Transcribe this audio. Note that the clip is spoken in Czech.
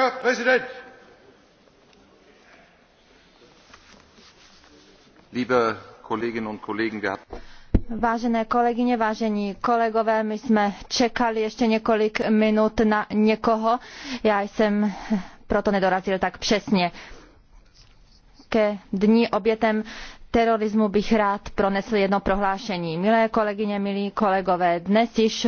herr präsident liebe kolleginnen und kollegen! vážené kolegyně vážení kolegové my jsme čekali ještě několik minut na někoho já jsem proto nedorazil tak přesně. ke dni obětem terorismu bych rád pronesl jedno prohlášení. milé kolegyně milí kolegové dnes již